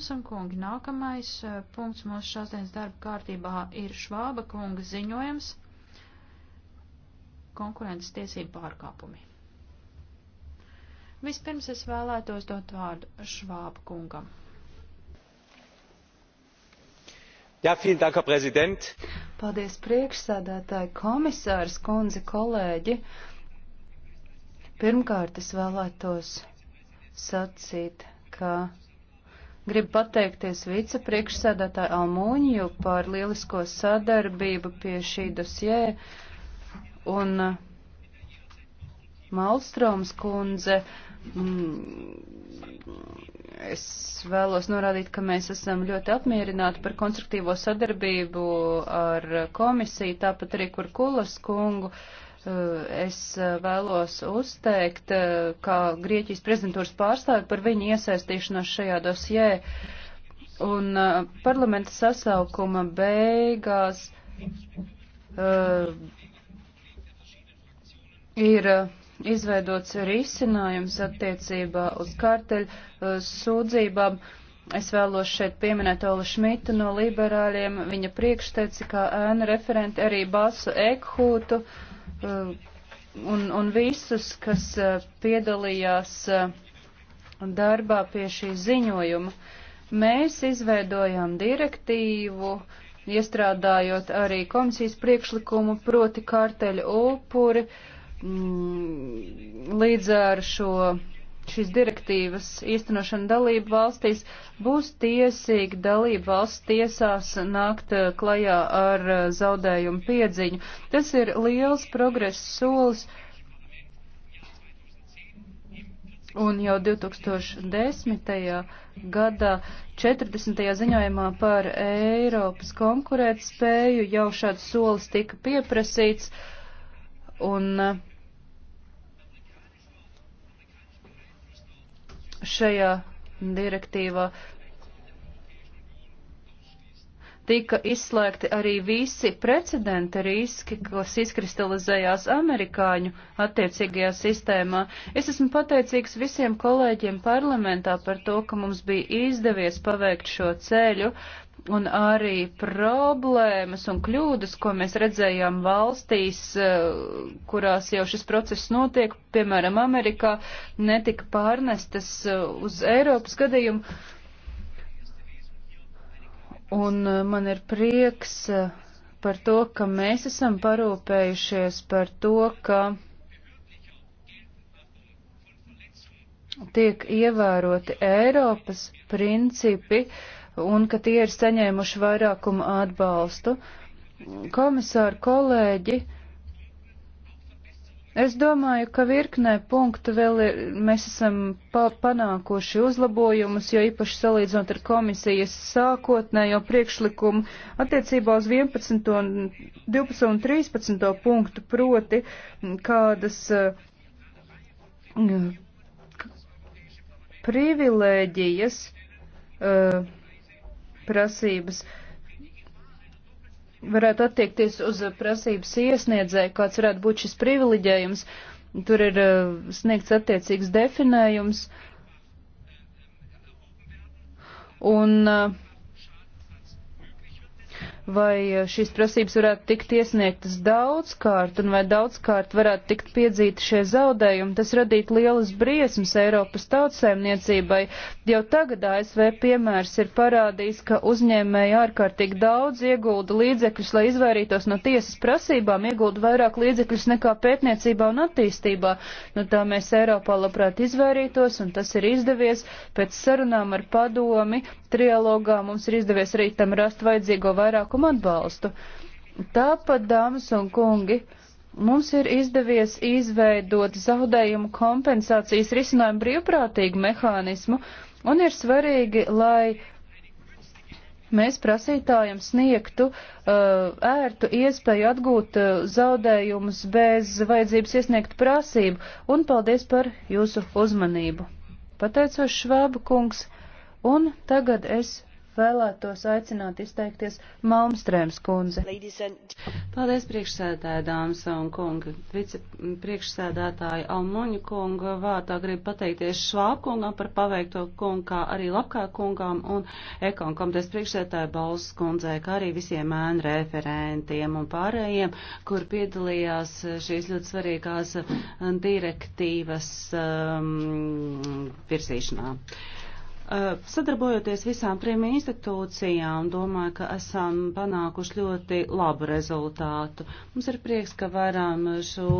Dāmas un kungi, nākamais eh, punkts mūsu šodienas darba kārtībā ir Švāba kunga ziņojums konkurences tiesību pārkāpumi. Vispirms es vēlētos dot vārdu Švāba kungam. Jā, vielen dank, Herr Präsident. Paldies priekšsēdētāji, komisārs, kundze, kolēģi. Pirmkārt, es vēlētos sacīt, ka Gribu pateikties vicepriekšsēdētāju Almūņu par lielisko sadarbību pie šī dosjē un uh, Malstroms kundze. Mm, es vēlos norādīt, ka mēs esam ļoti apmierināti par konstruktīvo sadarbību ar komisiju, tāpat arī kur Kulas kungu. Uh, Eh, es eh, vēlos uzteikt, eh, kā Grieķijas prezidentūras pārstāvi par viņu iesaistīšanos šajā dosjē. Un parlamenta sasaukuma beigās uh, ir izveidots risinājums attiecībā uz kārteļu uh, sūdzībām. Es vēlos šeit pieminēt Olu Šmitu no liberāļiem, viņa priekšteci kā ēna referenti arī Basu Ekhūtu. Uh, Eh, un, un visus, kas eh, piedalījās eh, darbā pie šī ziņojuma. Mēs izveidojām direktīvu, iestrādājot arī komisijas priekšlikumu proti kārteļu upuri mm, līdz ar šo šīs direktīvas īstenošana dalību valstīs, būs tiesīgi dalību valsts tiesās nākt eh, klajā ar eh, zaudējumu piedziņu. Tas ir liels progress solis. Un jau 2010. gadā 40. ziņojumā par Eiropas konkurētspēju jau šāds solis tika pieprasīts. Un uh, šajā direktīvā tika izslēgti arī visi precedenta riski, kas izkristalizējās amerikāņu attiecīgajā sistēmā. Es esmu pateicīgs visiem kolēģiem parlamentā par to, ka mums bija izdevies paveikt šo ceļu, un arī problēmas un kļūdas, ko mēs redzējām valstīs, eh, kurās jau šis process notiek, piemēram, Amerikā, netika pārnestas eh, uz Eiropas gadījumu. Un eh, man ir prieks par to, ka mēs esam parūpējušies par to, ka tiek ievēroti Eiropas principi, uh, un ka tie ir saņēmuši vairākumu atbalstu. Komisāri, kolēģi, es domāju, ka virknē punktu vēl ir, mēs esam pa panākuši uzlabojumus, jo īpaši salīdzinot ar komisijas sākotnējo priekšlikumu attiecībā uz 11, un 12 un 13 punktu proti kādas eh, privilēģijas. Uh, prasības varētu attiekties uz prasības iesniedzēju, kāds varētu būt šis privileģējums. Tur ir eh, sniegts attiecīgs definējums. Un uh, vai eh, šīs prasības varētu tikt iesniegtas daudzkārt un vai daudzkārt varētu tikt piedzīti šie zaudējumi, tas radītu lielas briesmas Eiropas tautsēmniecībai. Jau tagad ASV piemērs ir parādījis, ka uzņēmēji ārkārtīgi daudz iegulda līdzekļus, lai izvairītos no tiesas prasībām, iegulda vairāk līdzekļus nekā pētniecībā un attīstībā. No nu, tā mēs Eiropā labprāt izvairītos, un tas ir izdevies pēc sarunām ar padomi. Trialogā mums ir izdevies arī tam rast vajadzīgo vairākumu vairākumu atbalstu. Tāpat, dāmas un kungi, Mums ir izdevies izveidot zaudējumu kompensācijas risinājumu brīvprātīgu mehānismu, un ir svarīgi, lai mēs prasītājiem sniegtu uh, ērtu iespēju atgūt uh, zaudējumus bez vajadzības iesniegt prasību, un paldies par jūsu uzmanību. Pateicos Švāba kungs, un tagad es vēlētos aicināt izteikties Malmstrēms kundze. Paldies priekšsēdētāji, dāmas un kungi. Vicepriekšsēdētāji Almoņa kunga vārtā grib pateikties Švābkungam par paveikto kungu, kā arī Lapkā kungam un Ekonkomtes priekšsēdētāju Balsas kundzei, kā arī visiem ēnu referentiem un pārējiem, kur piedalījās šīs ļoti svarīgās direktīvas um, virzīšanā. Eh, sadarbojoties visām trim institūcijām, domāju, ka esam panākuši ļoti labu rezultātu. Mums ir prieks, ka varam šo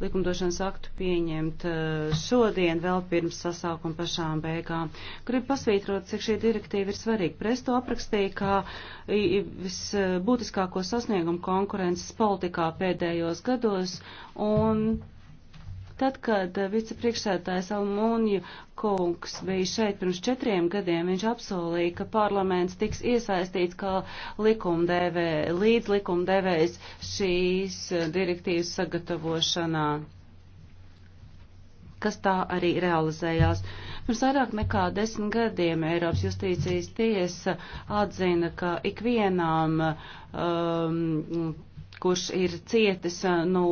likumdošanas aktu pieņemt eh, šodien, vēl pirms sasaukuma pašām beigām. Gribu pasvītrot, cik šī direktīva ir svarīga. Presto aprakstīja, kā visbūtiskāko sasniegumu konkurences politikā pēdējos gados, un Tad, kad eh, vicepriekšsētājs Almoniju kungs bija šeit pirms četriem gadiem, viņš apsolīja, ka parlaments tiks iesaistīts kā likumdevē, līdz likumdevējs šīs eh, direktīvas sagatavošanā kas tā arī realizējās. Pirms vairāk nekā desmit gadiem Eiropas justīcijas tiesa atzina, ka ikvienām, um, ehm, kurš ir cietis eh, no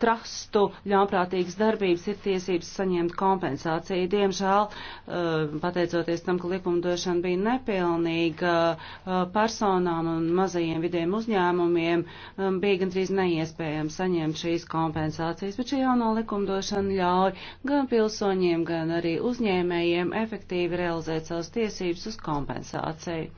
trastu ļaunprātīgas darbības ir tiesības saņemt kompensāciju. Diemžēl, eh, pateicoties tam, ka likumdošana bija nepilnīga, eh, personām un mazajiem vidiem uzņēmumiem eh, bija gandrīz neiespējami saņemt šīs kompensācijas, bet šī jauno likumdošana ļauj gan pilsoņiem, gan arī uzņēmējiem efektīvi realizēt savas tiesības uz kompensāciju.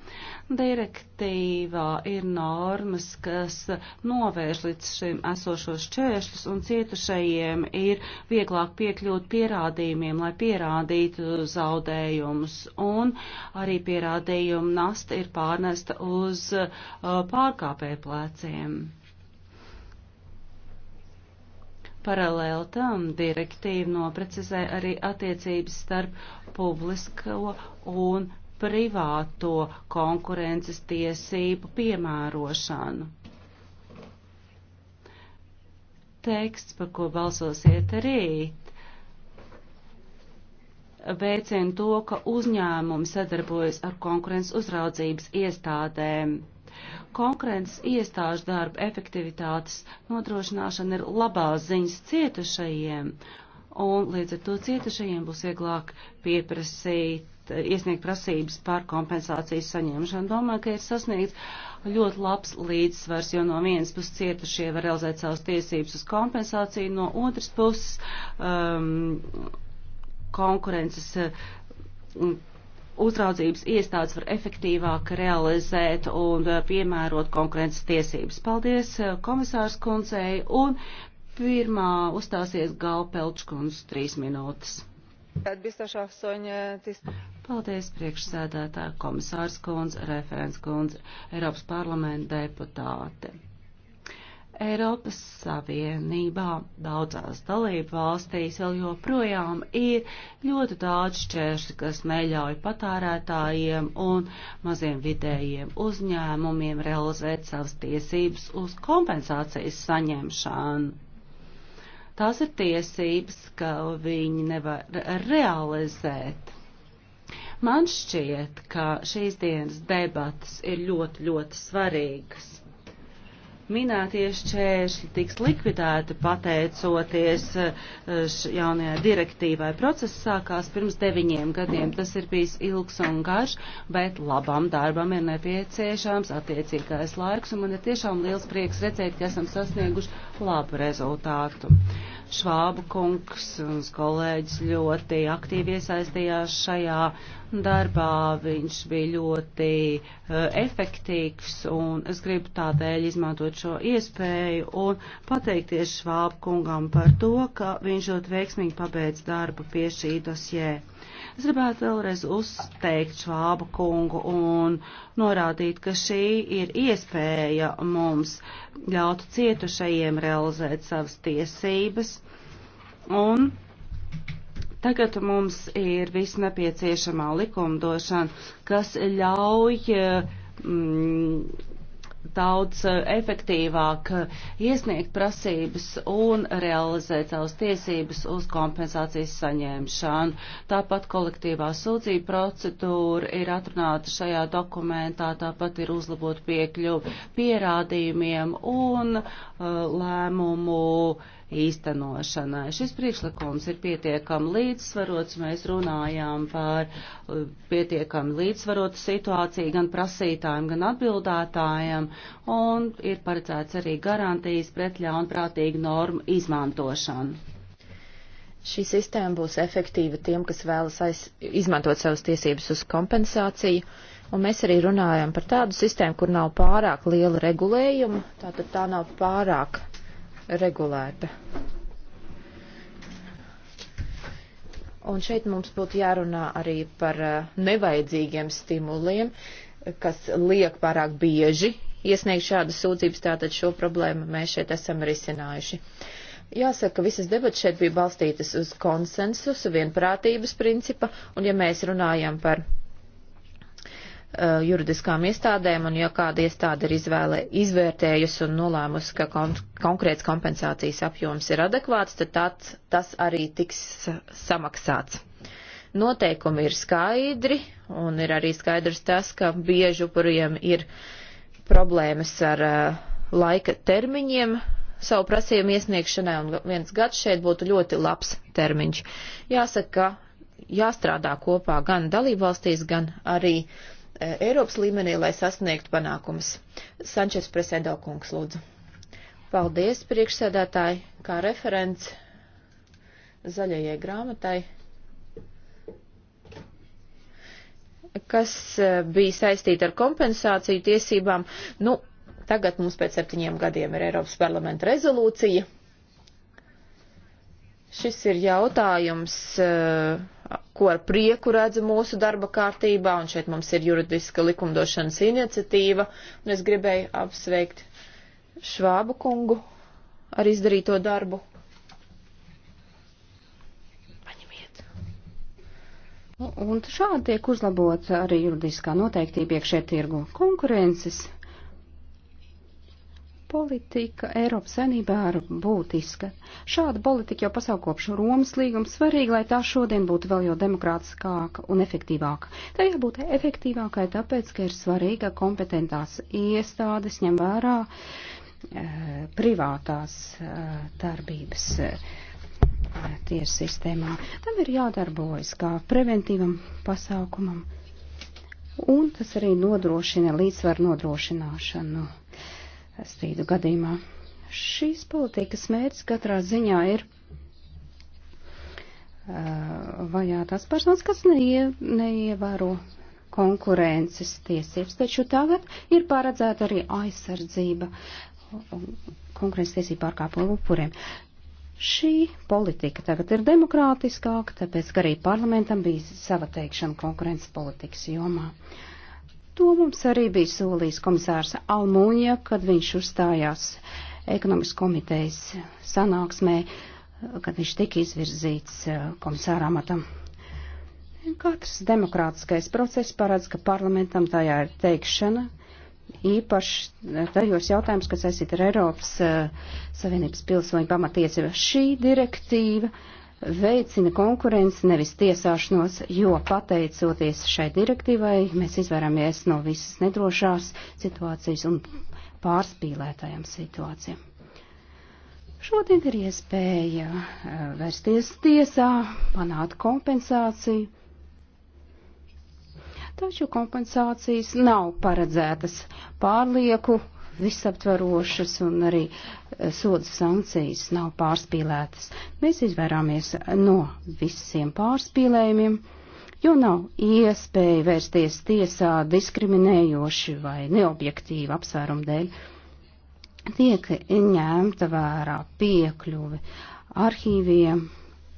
Direktīvā ir normas, kas novērš līdz šim esošos čēršļus un cietušajiem ir vieglāk piekļūt pierādījumiem, lai pierādītu zaudējumus, un arī pierādījumu nasta ir pārnesta uz uh, pārkāpēju pleciem. Paralēli tam direktīva noprecizē arī attiecības starp publisko un privāto konkurences tiesību piemērošanu teksts, par ko balsosiet rīt, veicina to, ka uzņēmumi sadarbojas ar konkurences uzraudzības iestādēm. Konkurences iestāžu darba efektivitātes nodrošināšana ir labās ziņas cietušajiem un līdz ar to cietušajiem būs vieglāk pieprasīt, iesniegt prasības par kompensācijas saņemšanu. Domāju, ka ir sasniegts ļoti labs līdzsvars, jo no vienas puses cietušie var realizēt savas tiesības uz kompensāciju, no otras puses um, konkurences um, uzraudzības iestādes var efektīvāk realizēt un uh, piemērot konkurences tiesības. Paldies uh, komisārs kundzei un Pirmā uzstāsies Galpelčkuns trīs minūtes. Paldies, priekšsēdētā komisārs kundze, referents kundze, Eiropas parlamenta deputāte. Eiropas Savienībā daudzās dalību valstīs vēl joprojām ir ļoti daudz šķēršļi, kas neļauj patērētājiem un maziem vidējiem uzņēmumiem realizēt savas tiesības uz kompensācijas saņemšanu. Tās ir tiesības, ka viņi nevar realizēt. Man šķiet, ka šīs dienas debatas ir ļoti, ļoti svarīgas minētie šķēršļi tiks likvidēti pateicoties eh, jaunajai direktīvai. Process sākās pirms deviņiem gadiem. Tas ir bijis ilgs un garš, bet labam darbam ir nepieciešams attiecīgais laiks, un man ir tiešām liels prieks redzēt, ka esam sasnieguši labu rezultātu. Švābu kungs un kolēģis ļoti aktīvi iesaistījās šajā darbā. Viņš bija ļoti uh, efektīvs un es gribu tādēļ izmantot šo iespēju un pateikties Švābu kungam par to, ka viņš ļoti veiksmīgi pabeidz darbu pie šī dosjē. Es gribētu vēlreiz uzteikt Švābu kungu un norādīt, ka šī ir iespēja mums ļaut cietušajiem realizēt savas tiesības Un tagad mums ir viss nepieciešamā likumdošana, kas ļauj mm, daudz efektīvāk iesniegt prasības un realizēt savas tiesības uz kompensācijas saņemšanu. Tāpat kolektīvā sūdzība procedūra ir atrunāta šajā dokumentā, tāpat ir uzlabot piekļuvu pierādījumiem un uh, lēmumu uh, īstenošanai. Šis priekšlikums ir pietiekami līdzsvarots, mēs runājām par uh, pietiekami līdzsvarotu situāciju gan prasītājiem, gan atbildētājiem, un ir paredzēts arī garantijas pret ļaunprātīgu normu izmantošanu. Šī sistēma būs efektīva tiem, kas vēlas aiz, izmantot savas tiesības uz kompensāciju, un mēs arī runājam par tādu sistēmu, kur nav pārāk liela regulējuma, tātad tā nav pārāk regulēta. Un šeit mums būtu jārunā arī par uh, nevajadzīgiem stimuliem, kas liek pārāk bieži iesniegt šādas sūdzības, tātad šo problēmu mēs šeit esam risinājuši. Jāsaka, ka visas debats šeit bija balstītas uz konsensusu, vienprātības principa, un ja mēs runājam par Uh, juridiskām iestādēm, un ja kāda iestāde ir izvēle, izvērtējusi un nolēmusi, ka kon konkrēts kompensācijas apjoms ir adekvāts, tad tāds, tas arī tiks samaksāts. Noteikumi ir skaidri, un ir arī skaidrs tas, ka bieži upuriem ir problēmas ar uh, laika termiņiem savu prasījumu iesniegšanai, un viens gads šeit būtu ļoti labs termiņš. Jāsaka, ka jāstrādā kopā gan dalībvalstīs, gan arī uh, E, Eiropas līmenī, lai sasniegtu panākumus. Sančes Presedo kungs, lūdzu. Paldies, priekšsēdētāji, kā referents zaļajai grāmatai, kas e, bija saistīta ar kompensāciju tiesībām. Nu, tagad mums pēc septiņiem gadiem ir Eiropas parlamenta rezolūcija. Šis ir jautājums. Uh, ko ar prieku redzu mūsu darba kārtībā, un šeit mums ir juridiska likumdošanas iniciatīva, un es gribēju apsveikt Švābu kungu ar izdarīto darbu. Paņemiet. Nu, un šādi tiek uzlabots arī juridiskā noteiktība iekšē tirgu konkurences politika Eiropas saimnībā ir būtiska. Šāda politika jau pasaukt kopš Romas līguma svarīga, lai tā šodien būtu vēl jau demokrātiskāka un efektīvāka. Tā jābūt efektīvākai tāpēc, ka ir svarīga kompetentās iestādes ņem vērā e, privātās e, darbības. E, tiesu sistēmā. Tam ir jādarbojas kā preventīvam pasākumam, un tas arī nodrošina līdzsvaru nodrošināšanu strīdu gadījumā. Šīs politikas mērķis katrā ziņā ir uh, vajā tās personas, kas neie, neievēro konkurences tiesības, taču tagad ir paredzēta arī aizsardzība konkurences tiesību pārkāpumu upuriem. Šī politika tagad ir demokrātiskāka, tāpēc, ka arī parlamentam bija sava teikšana konkurences politikas jomā. Uh, To mums arī bija solījis komisārs Almūņa, kad viņš uzstājās ekonomikas komitejas sanāksmē, kad viņš tika izvirzīts eh, komisāra amatam. Katrs demokrātiskais process parāds, ka parlamentam tajā ir teikšana, īpaši eh, tajos jautājumus, kas aizsit ar Eiropas eh, Savienības pilsoņu pamatiesību. Šī direktīva uh, veicina konkurenci, nevis tiesāšanos, jo pateicoties šai direktīvai, mēs izvairāmies no visas nedrošās situācijas un pārspīlētajām situācijām. Šodien ir iespēja eh, vērsties tiesā, panākt kompensāciju, taču kompensācijas nav paredzētas pārlieku visaptvarošas un arī eh, sodu sankcijas nav pārspīlētas. Mēs izvairāmies no visiem pārspīlējumiem, jo nav iespēja vērsties tiesā diskriminējoši vai neobjektīvi apsvērumu dēļ. Tiek ņemta vērā piekļuve arhīviem,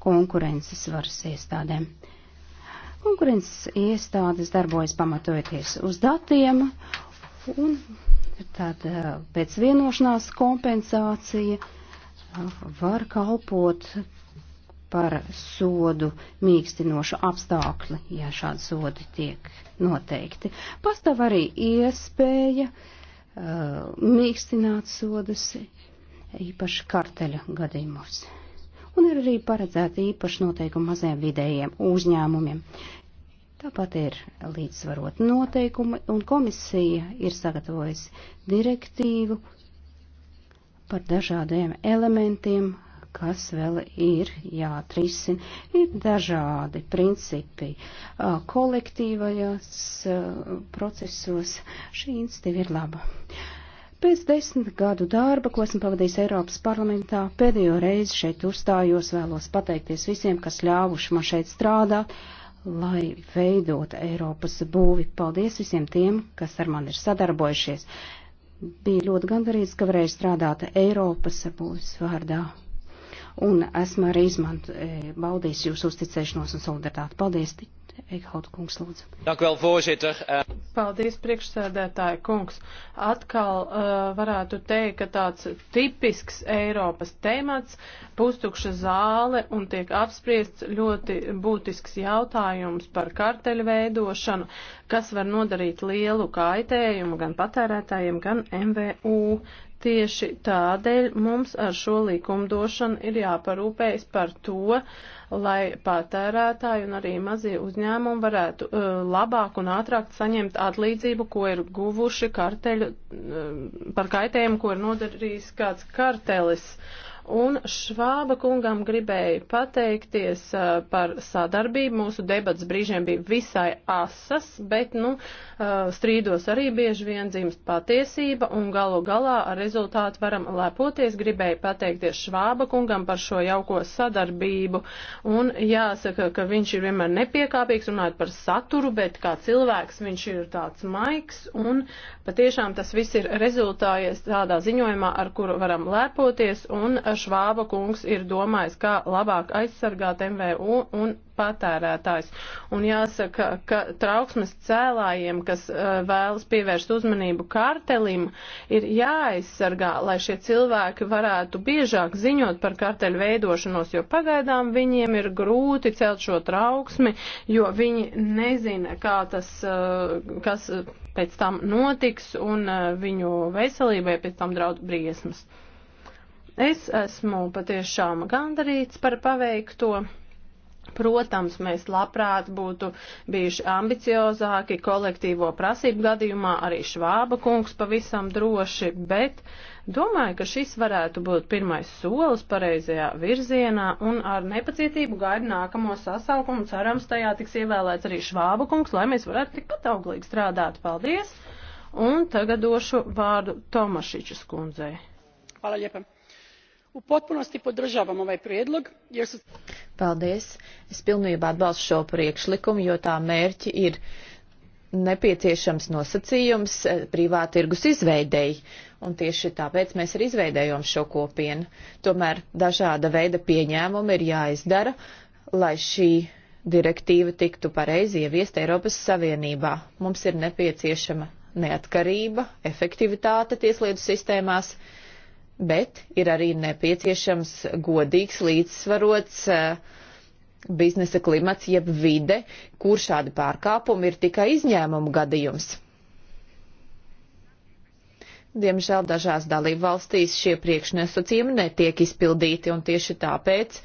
konkurences varas iestādēm. Konkurences iestādes darbojas pamatojoties uz datiem un Tad eh, pēc vienošanās kompensācija eh, var kalpot par sodu mīkstinošu apstākli, ja šādi sodi tiek noteikti. Pastāv arī iespēja uh, mīkstināt sodus īpaši karteļa gadījumos. Un ir arī paredzēta īpaši noteikuma mazajiem vidējiem uzņēmumiem. Tāpat ir līdzsvarot noteikumi, un komisija ir sagatavojusi direktīvu par dažādiem elementiem, kas vēl ir jāatrisina. Ir dažādi principi kolektīvajos procesos. Šī institīva ir laba. Pēc desmit gadu darba, ko esmu pavadījis Eiropas parlamentā, pēdējo reizi šeit uzstājos, vēlos pateikties visiem, kas ļāvuši man šeit strādāt lai veidot Eiropas būvi. Paldies visiem tiem, kas ar mani ir sadarbojušies. Bija ļoti gandarīts, ka varēju strādāt Eiropas būvis vārdā. Un esmu arī izmantojis, e, baudījis jūsu uzticēšanos un solidaritāti. Paldies! Eikhout kungs lūdzu. Eh, Paldies, priekšsēdētāja kungs. Atkal uh, varētu teikt, ka tāds tipisks Eiropas temats, pustukša zāle un tiek apspriests ļoti būtisks jautājums par karteļu veidošanu, kas var nodarīt lielu kaitējumu gan patērētājiem, gan MVU. Tieši tādēļ mums ar šo likumdošanu ir jāparūpējas par to, lai patērētāji un arī mazie uzņēmumi varētu uh, labāk un ātrāk saņemt atlīdzību, ko ir guvuši karteļu, uh, par kaitējumu, ko ir nodarījis kāds kartelis. Uh, Un Švāba kungam gribēju pateikties uh, par sadarbību. Mūsu debats brīžiem bija visai asas, bet, nu, uh, strīdos arī bieži vien dzimst patiesība un galu galā ar rezultātu varam lepoties. Gribēju pateikties Švāba kungam par šo jauko sadarbību. Un jāsaka, ka viņš ir vienmēr nepiekāpīgs runāt par saturu, bet kā cilvēks viņš ir tāds maigs un patiešām tas viss ir rezultājies tādā ziņojumā, ar kuru varam lepoties. Un, uh, Švāba kungs ir domājis, kā labāk aizsargāt MVU un patērētājs. Un jāsaka, ka trauksmes cēlājiem, kas eh, vēlas pievērst uzmanību kartelim, ir jāaizsargā, lai šie cilvēki varētu biežāk ziņot par karteļu veidošanos, jo pagaidām viņiem ir grūti celt šo trauksmi, jo viņi nezina, kā tas, eh, kas pēc tam notiks un eh, viņu veselībai pēc tam draud briesmas. Es esmu patiešām gandarīts par paveikto. Protams, mēs labprāt būtu bijuši ambiciozāki kolektīvo prasību gadījumā, arī Švāba kungs pavisam droši, bet domāju, ka šis varētu būt pirmais solis pareizajā virzienā un ar nepacietību gaidu nākamo sasaukumu. Cerams, tajā tiks ievēlēts arī Švāba kungs, lai mēs varētu tikpat auglīgi strādāt. Paldies! Un tagad došu vārdu Tomašiču skundzei. Hvala lijepa u potpunosti podržavam ovaj prijedlog jer su. Paldies! Es pilnībā atbalstu šo priekšlikumu, jo tā mērķi ir nepieciešams nosacījums eh, privā tirgus izveidēji, un tieši tāpēc mēs arī izveidējām šo kopienu. Tomēr dažāda veida pieņēmumi ir jāizdara, lai šī direktīva tiktu pareizi ieviest Eiropas Savienībā. Mums ir nepieciešama neatkarība, efektivitāte tieslietu sistēmās bet ir arī nepieciešams godīgs, līdzsvarots eh, biznesa klimats, jeb vide, kur šādi pārkāpumi ir tikai izņēmumu gadījums. Diemžēl dažās dalībvalstīs šie priekšnesacījumi netiek izpildīti, un tieši tāpēc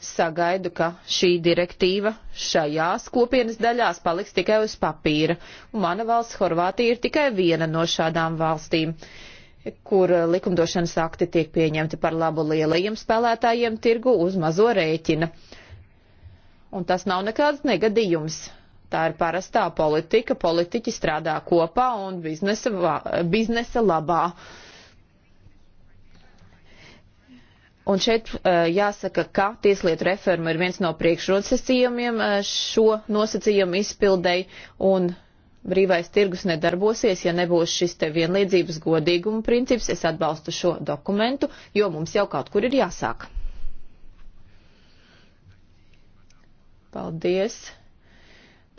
sagaidu, ka šī direktīva šajās kopienas daļās paliks tikai uz papīra, un mana valsts Horvātija ir tikai viena no šādām valstīm. Uh, kur eh, likumdošanas akti tiek pieņemti par labu lielajiem spēlētājiem tirgu uz mazo rēķina. Un tas nav nekāds negadījums. Tā ir parastā politika, politiķi strādā kopā un biznesa, biznesa labā. Un šeit eh, jāsaka, ka tieslietu reforma ir viens no priekšrocesījumiem eh, šo nosacījumu izpildēji un brīvais tirgus nedarbosies, ja nebūs šis te vienlīdzības godīguma princips. Es atbalstu šo dokumentu, jo mums jau kaut kur ir jāsāk. Paldies.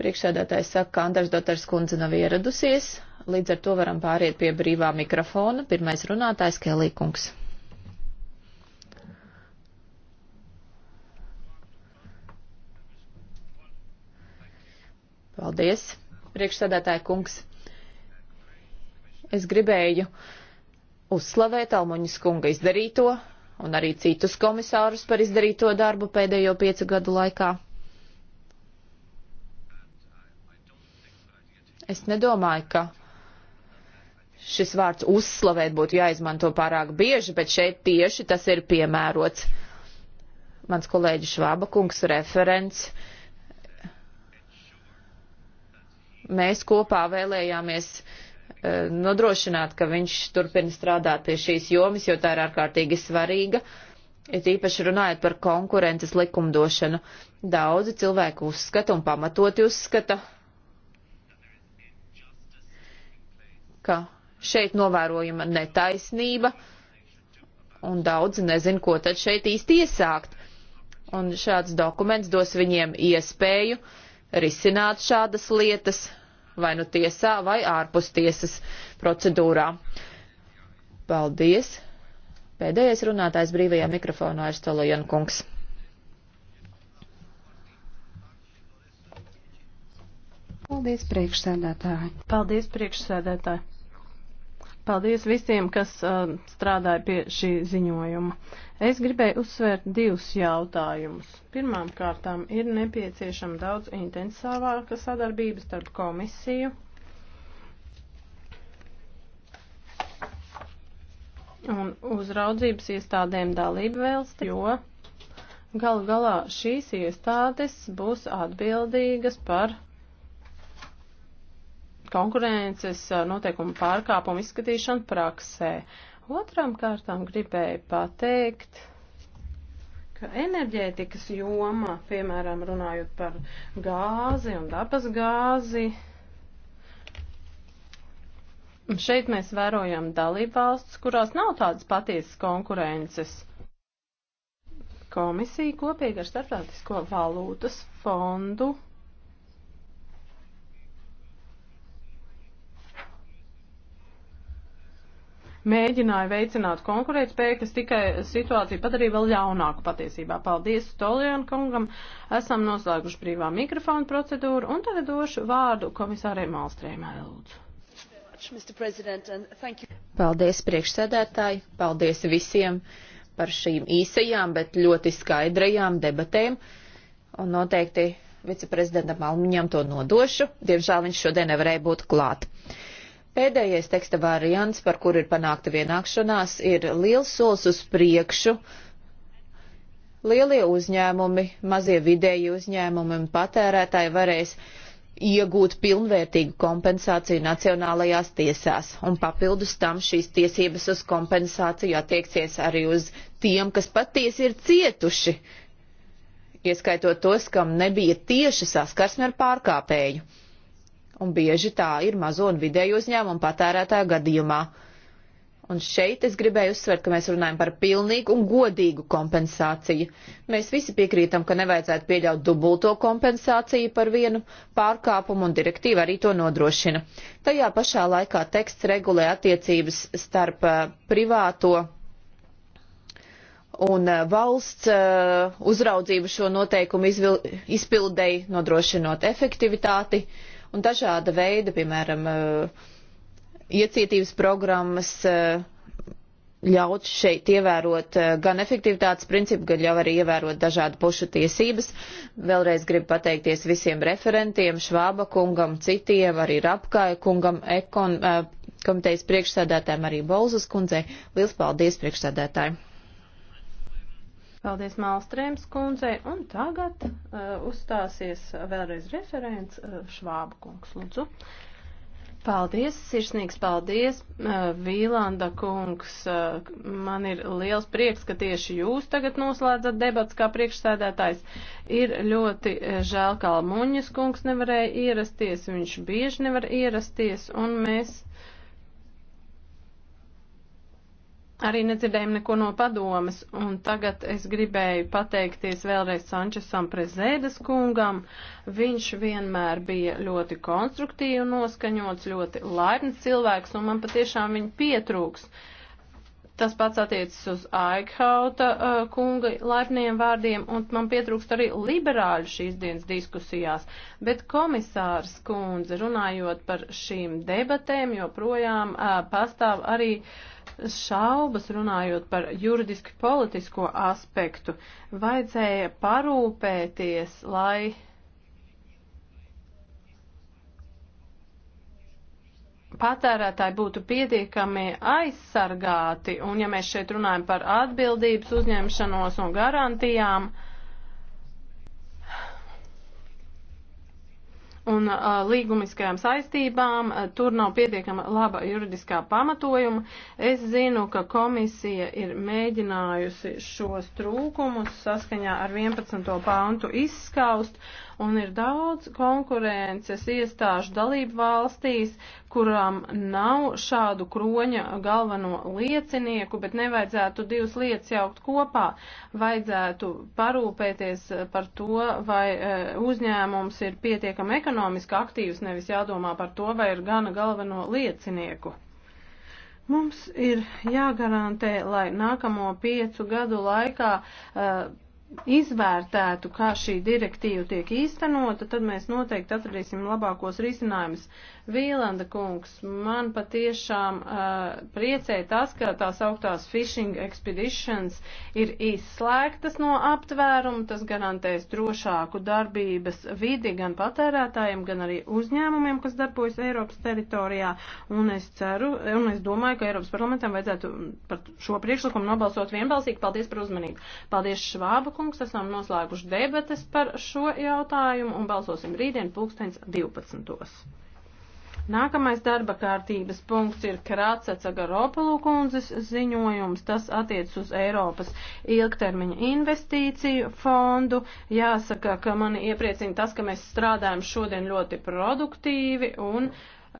Priekšsēdētājs saka, ka Andars Dotars kundze nav ieradusies. Līdz ar to varam pāriet pie brīvā mikrofona. Pirmais runātājs Kelī kungs. Paldies priekšsēdētāja kungs. Es gribēju uzslavēt Almoņas kunga izdarīto un arī citus komisārus par izdarīto darbu pēdējo piecu gadu laikā. Es nedomāju, ka šis vārds uzslavēt būtu jāizmanto pārāk bieži, bet šeit tieši tas ir piemērots. Mans kolēģis Švāba kungs referents mēs kopā vēlējāmies eh, nodrošināt, ka viņš turpina strādāt pie šīs jomas, jo tā ir ārkārtīgi svarīga. Ir īpaši runājot par konkurences likumdošanu. Daudzi cilvēki uzskata un pamatoti uzskata, ka šeit novērojama netaisnība, un daudzi nezin, ko tad šeit īsti iesākt. Un šāds dokuments dos viņiem iespēju risināt šādas lietas, vai nu tiesā, vai ārpus tiesas procedūrā. Paldies! Pēdējais runātājs brīvajā mikrofonā ir Stolojan kungs. Paldies, priekšsēdētāji! Paldies, priekšsēdētāji! Paldies visiem, kas uh, strādāja pie šī ziņojuma. Es gribēju uzsvērt divus jautājumus. Pirmām kārtām ir nepieciešama daudz intensīvāka sadarbības starp komisiju un uzraudzības iestādēm dalību vēlst, jo galu galā šīs iestādes būs atbildīgas par konkurences noteikumu pārkāpumu izskatīšanu praksē. Otram kārtām gribēju pateikt, ka enerģētikas joma, piemēram, runājot par gāzi un dabas gāzi, šeit mēs vērojam dalībvalsts, kurās nav tādas patiesas konkurences. Komisija kopīgi ar Startautisko valūtas fondu mēģināja veicināt konkurētspēju, kas tikai situāciju padarīja vēl ļaunāku patiesībā. Paldies Stolijan kungam, esam noslēguši brīvā mikrofona procedūru un tagad došu vārdu komisārai Malstrēmai lūdzu. Paldies priekšsēdētāji, paldies visiem par šīm īsajām, bet ļoti skaidrajām debatēm. Un noteikti viceprezidentam Almiņam to nodošu. Diemžēl viņš šodien nevarēja būt klāt. Uh, Pēdējais teksta variants, par kur ir panākta vienākšanās, ir liels solis uz priekšu. Lielie uzņēmumi, mazie vidēji uzņēmumi un patērētāji varēs iegūt pilnvērtīgu kompensāciju nacionālajās tiesās, un papildus tam šīs tiesības uz kompensāciju attieksies arī uz tiem, kas patiesi ir cietuši, ieskaitot tos, kam nebija tieši saskarsme ar pārkāpēju. Un bieži tā ir mazo un vidēju uzņēmumu patērētāju gadījumā. Un šeit es gribēju uzsvert, ka mēs runājam par pilnīgu un godīgu kompensāciju. Mēs visi piekrītam, ka nevajadzētu pieļaut dubulto kompensāciju par vienu pārkāpumu, un direktīva arī to nodrošina. Tajā pašā laikā teksts regulē attiecības starp eh, privāto un eh, valsts eh, uzraudzību šo noteikumu izpildēji, nodrošinot efektivitāti un dažāda veida, piemēram, eh, iecietības programmas eh, ļaut šeit ievērot eh, gan efektivitātes principu, gan jau arī ievērot dažādu pušu tiesības. Vēlreiz gribu pateikties visiem referentiem, Švāba kungam, citiem, arī Rapkāja kungam, Ekon, komitejas priekšsēdētājiem, arī Bolzas kundzei. Liels paldies priekšsēdētājiem! Paldies Malstrēms kundzei. Un tagad uh, uzstāsies vēlreiz referents uh, Švāba kungs. Lūdzu. Paldies, sirsnīgs paldies, uh, Vīlanda kungs. Uh, man ir liels prieks, ka tieši jūs tagad noslēdzat debats kā priekšsēdētājs. Ir ļoti uh, žēl, ka Almuņas kungs nevarēja ierasties, viņš bieži nevar ierasties, un mēs. Uh, arī nedzirdējām neko no padomas, un tagad es gribēju pateikties vēlreiz Sančesam Prezēdas kungam. Viņš vienmēr bija ļoti konstruktīvi noskaņots, ļoti laipns cilvēks, un man patiešām viņa pietrūks. Tas pats attiecas uz Aikhauta uh, kunga laipniem vārdiem, un man pietrūkst arī liberāļu šīs dienas diskusijās. Bet komisārs kundze, runājot par šīm debatēm, joprojām uh, pastāv arī uh, šaubas runājot par juridiski politisko aspektu. Vajadzēja parūpēties, lai patērētāji būtu pietiekami aizsargāti, un ja mēs šeit runājam par atbildības uzņemšanos un garantijām, uh, un uh, līgumiskajām saistībām, uh, tur nav pietiekama laba juridiskā pamatojuma. Es zinu, ka komisija ir mēģinājusi šos trūkumus saskaņā ar 11. pāntu izskaust, un ir daudz konkurences iestāžu dalību valstīs, kurām nav šādu kroņa galveno liecinieku, bet nevajadzētu divas lietas jaukt kopā. Vajadzētu parūpēties par to, vai e, uzņēmums ir pietiekami ekonomiski aktīvs, nevis jādomā par to, vai ir gana galveno liecinieku. Mums ir jāgarantē, lai nākamo piecu gadu laikā uh, izvērtētu, kā šī direktīva tiek īstenota, tad mēs noteikti atradīsim labākos risinājumus. Vīlanda kungs, man patiešām uh, priecē tas, ka tās augtās fishing expeditions ir izslēgtas no aptvērumu, tas garantēs drošāku darbības vidi gan patērētājiem, gan arī uzņēmumiem, kas darbojas Eiropas teritorijā, un es ceru, un es domāju, ka Eiropas parlamentam vajadzētu par šo priekšlikumu nobalsot vienbalsīgi. Paldies par uzmanību. Paldies Švāba kungs kungs, esam noslēguši debates par šo jautājumu un balsosim rītdien pulkstens 12. Nākamais darba kārtības punkts ir Krāceca Garopolu kundzes ziņojums. Tas attiec uz Eiropas ilgtermiņa investīciju fondu. Jāsaka, ka mani iepriecina tas, ka mēs strādājam šodien ļoti produktīvi un uh,